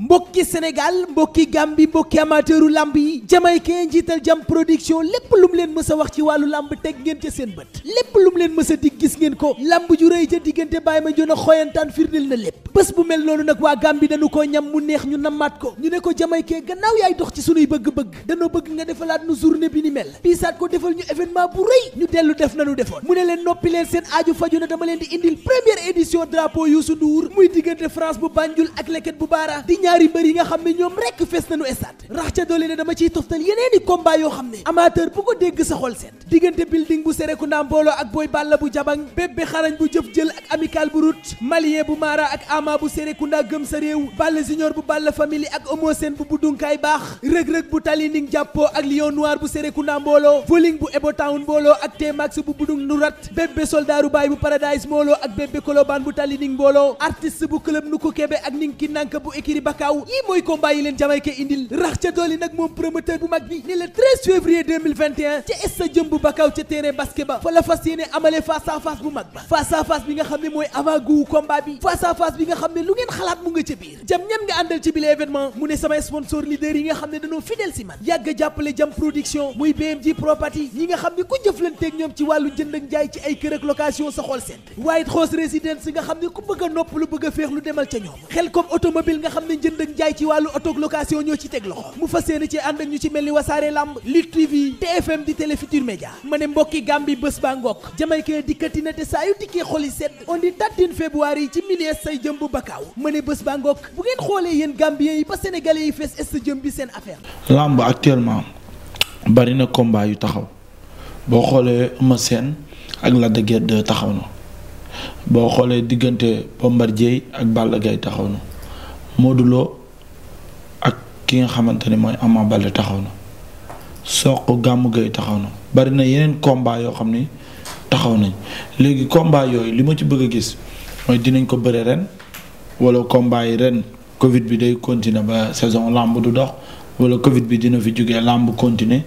mbokki sénégal mbokki gambi mbokki amateuru lamb yi jamaykee njiital jam production lépp lum leen mës a wax ci wàllu lamb teg ngeen ca seen bët lépp lum leen mës a gis ngeen ko lamb ju rëy ca diggante bàyyi ma jon a xoyantaan firndil na lépp bés bu mel noonu nag waa gambi dañu ko ñam mu neex ñu namaat ko ñu ne ko jamaykee gannaaw yaay dox ci sunuy bëgg-bëgg danoo bëgg nga defalaat nu journée bi ni mel piisaat ko defal ñu événement bu rëy ñu dellu leen noppi leen seen aaju faju na dama leen di indil première ñaari mbër yi nga xam ne ñoom rekk fees nañu stade rax ca doole ne dama ciy toftal yeneeni combat yoo xam ne amateur bu ko dégg sa xol seet diggante building bu Serekunda mbooloo ak Boy Balla bu jabang bébbe xarañ bu jëf jël ak amical bu rut malien bu maara ak ama bu Serekunda gëm sa réew Balla junior bu Balla family ak Homo Sène bu buddunkaay baax rëg-rëg bu tali ning jàppoo ak lion noir bu Serekunda mbooloo voling bu Ebo Town mbooloo ak T-Max bu budung nurat bébbe soldaru baay bu ak bébbe kolobaan bu mbooloo artiste bu club nu ko kebe ak Pakaaw yii mooy combat yi leen Jamaïque indil rax ca dooli nag moom promoteur bu mag bi ni le février ca es sa jëmbu Bakaaw ca terrain basket fa la fas yéene amale face à bu mag ba face à bi nga xam ne mooy avant combat bi face à bi nga xam ne lu ngeen xalaat mu nga ca biir jam ñan nga àndal ci bile événement mu ne samay sponsor leader yi nga xam ne dañoo fidèle si man yàgg jàppale jam production muy BMG property yi nga xam ne ku jëflanteeg ñoom ci jënd jaay ci wàllu auto ñoo ci teg loxo mu fas yéene ci ànd ak ñu ci mel ni wasaare lamb Lutte TV TFM di Télé Futurs ma ne mbokki Gambie bés ba ngokk jamaykee dikkati na te saa yu dikkee xoli sedd on di tattin février yi ci milieu say jëm bu bakkaaw ma ne bés ba ngokk bu ngeen xoolee yéen Gambien yi ba Sénégalais yi fees est jëm bi seen affaire lamb actuellement bari na combat yu taxaw boo xoolee Eumeu Sène ak Lac de Guiers taxaw na boo xoolee diggante Bombardier ak Balla Gaye taxaw na Modou Lo ak ki nga xamante ni mooy Ama Baldé taxaw na soq gàmm gay taxaw na bari na yeneen combat yoo xam ni taxaw nañ léegi combat yooyu li ma ci bëgg a gis mooy dinañ ko bëre ren wala combat yi ren Covid bi day continuer ba saison làmb du dox wala Covid bi dina fi jógee làmb continuer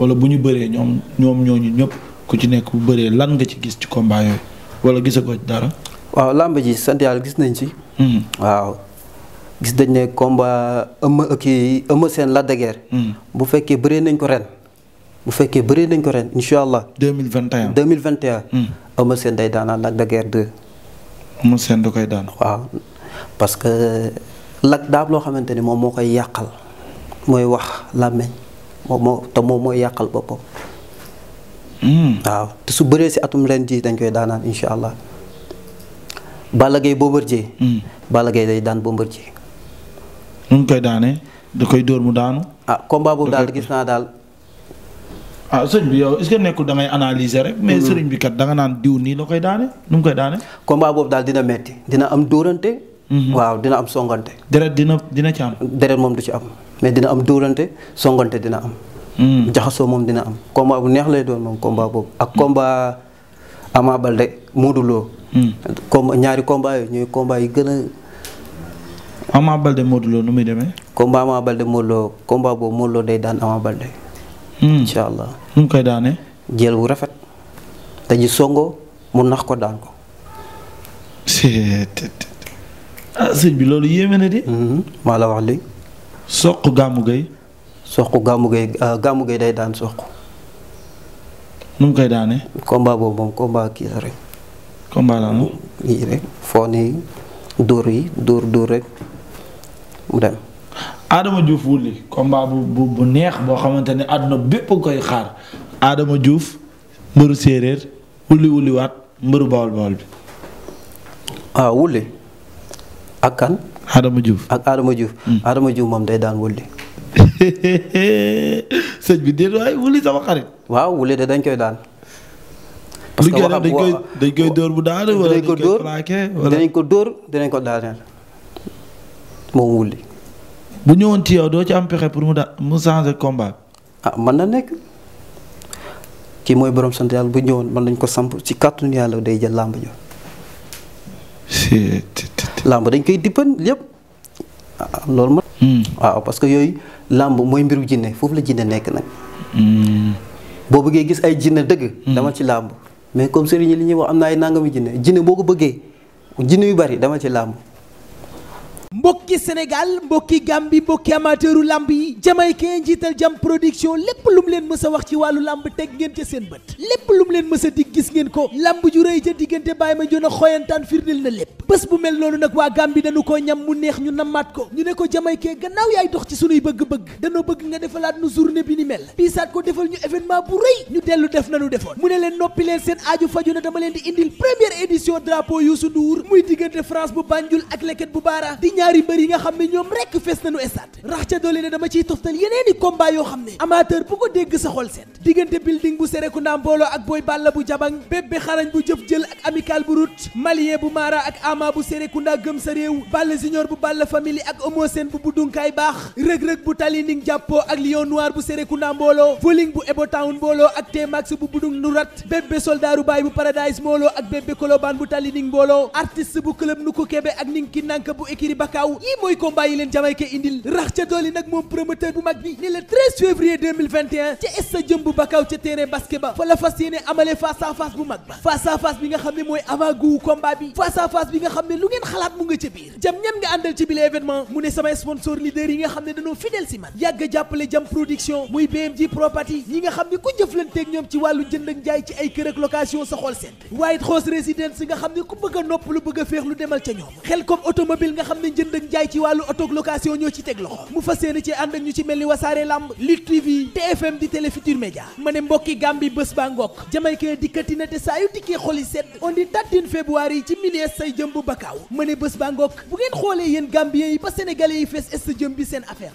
wala bu ñu bëree ñoom ñoom ñooñu ñëpp ku ci nekk bu bëree lan nga ci gis ci combat yooyu wala gisagoo ci dara. waaw làmb ji sant gis nañ ci. Hmm. waaw. gis dañ ne combat ëmm kii ëmm seen Lac de Guiers. Hmm. bu fekkee bëree nañ ko ren. bu fekkee bëree nañ ko ren incha allah. deux mille vingt et un deux mille seen hmm. day daanaan Lac de Guiers 2. ëmm seen da koy daan. waaw parce que Lac daal loo xamante ni moom moo koy yàqal mooy wax làmmeñ moom moo te moom mooy yàqal boppam. Hmm. waaw te su bëree si atum ren ji dañ koy daanaan incha allah. Balla Gaye Bombardier. Balla Gaye day daan Bombardier. nu ngi koy daanee da koy dóor mu daanu. ah combat boobu daal gis naa daal. ah sëñ bi yow est-ce que nekkul da ngay rek. mais mm-hmm. sëriñ bi kat da nga naan diw nii la koy daane nu mu koy daane. combat boobu daal dina metti dina am dóorante. Mm-hmm. waaw dina am songante. deret dina dina ci am. deret moom du ci am mais dina am dóorante songante dina am. Mm. jaxasoo moom dina am combat bu neex lay doon moom combat boobu ak mm. combat Ama Baldé Modou mm. ñaari combat yooyu ñooy yi gën Ama Balde Modou nu muy demee. combat Ama Balde Modou Lo combat boobu Modou day daan Ama Balde. Hmm. incha allah nu mu koy daanee. jël bu rafet. dañuy songo mu nax ko daan ko. ah bi loolu yéeme na di. Mhm, maa la wax li soq gàmmu gay. soq gàmmu gay ah, gàmmu gay day daan soq. nu mu koy daanee. combat boobu moom combat kii rek. combat la moom. yii rek foo nii dóor yi dóor dóor rek. mu dem. Adama Diouf wulli combat bu bu bu neex boo xamante ne àdduna bépp koy xaar Adama juuf mbëru séeréer wulli wulli waat mbëru bawol bawol bi. waaw ah, wulli ak kan. Adama Diouf ak Adama Diouf. Hmm. Adama Diouf moom day daan wulli. sëñ bi déet waay wulli sama xarit. waaw wulli de dañ koy daan. parce que dañ koy dañ dóor bu daan wala dañ koy ko dóor dinañ ko daaneel. moom wulli bu ñëwoon ci doo ci am pexe pour mu da mu changer combat. ah man na nekk kii mooy borom sant yàlla bu ñëwoon man nañ ko samp ci kàttanu yàlla day jël làmb jo làmb dañ koy dippan lépp ah, loolu ma hmm. waaw parce que yooyu làmb mooy mbiru jinne foofu la jinne nekk nag hmm. boo bëggee gis ay jinne dëgg hmm. dama ci làmb mais comme sëriñ li ñuy wax am na ay nangami jinne jinne boo ko bëggee jinne yu bari dama ci làmb mbokki Sénégal mbokki Gambie mbokki amateuru lamb yi jamaykee njiital jam production lépp lu mu leen mës a wax ci wàllu lamb teg ngeen ca seen bët lépp lu mu leen mës a gis ngeen ko lamb ju rëy ca diggante Baye Mandione xoyantaan firndeel na lépp bés bu mel noonu nag waa Gambie dañu ko ñam mu neex ñu namaat ko ñu ne ko jamaykee gannaaw yaay dox ci sunuy bëgg-bëgg danoo bëgg nga defalaat nu journée bi ni mel piisaat ko defal ñu événement bu rëy ñu dellu ne leen noppi leen seen aaju leen di indil première édition drapeau Youssou Ndour muy diggante France bu ñaari mbër yi nga xam ne ñoom rek fees nañu stade rax ca doole ne dama ciy toftal yeneeni combat yoo xam ne amateur bu ko dégg sa xol seet diggante building bu Serekunda mbooloo ak Boy Balla bu jabang bébbe xarañ bu jëf jël ak amical bu rut malien bu maara ak ama bu Serekunda gëm sa réew Balla junior bu Balla family ak Homo Sène bu buddunkaay baax rëg-rëg bu tali ning jàppoo ak lion noir bu Serekunda mbooloo voling bu Ebo Town mbooloo ak T-Max bu budung nurat bébbe soldaru baay bu paradise ak bébbe kolobaan bu tali ning mbooloo artiste bu club nu ko kebe ak ning ki nank Pakaaw yii mooy combat yi leen Jamaïque indil rax ca dooli nag moom promoteur bu mag bi ni le février ca es sa jëmbu Bakaaw ca terrain basket fa la fas yéene amale face à bu mag ba face à bi nga xam ne mooy avant goût bi face à bi nga xam ne lu ngeen xalaat mu nga ca biir jam ñan nga àndal ci bile événement mu ne samay sponsor leader yi nga xam ne dañoo fidèle si man yàgg jàppale jam production muy BMG property yi nga xam ne ku jëflanteeg ñoom ci wàllu ci jënd ak jaay ci wàllu auto location ñoo ci teg loxo mu fas yéene ci ànd ak ci mel ni wasaare lamb Lutte TV TFM di Télé Futurs ma ne mbokki Gambie bés ba ngokk jamaykee dikkati na te saa yu dikkee xoli sedd on di tattin février yi ci milieu say jëm bu bakkaaw ma ne bés ba ngokk bu ngeen xoolee yéen Gambien ba Sénégalais yi fees est bi seen affaire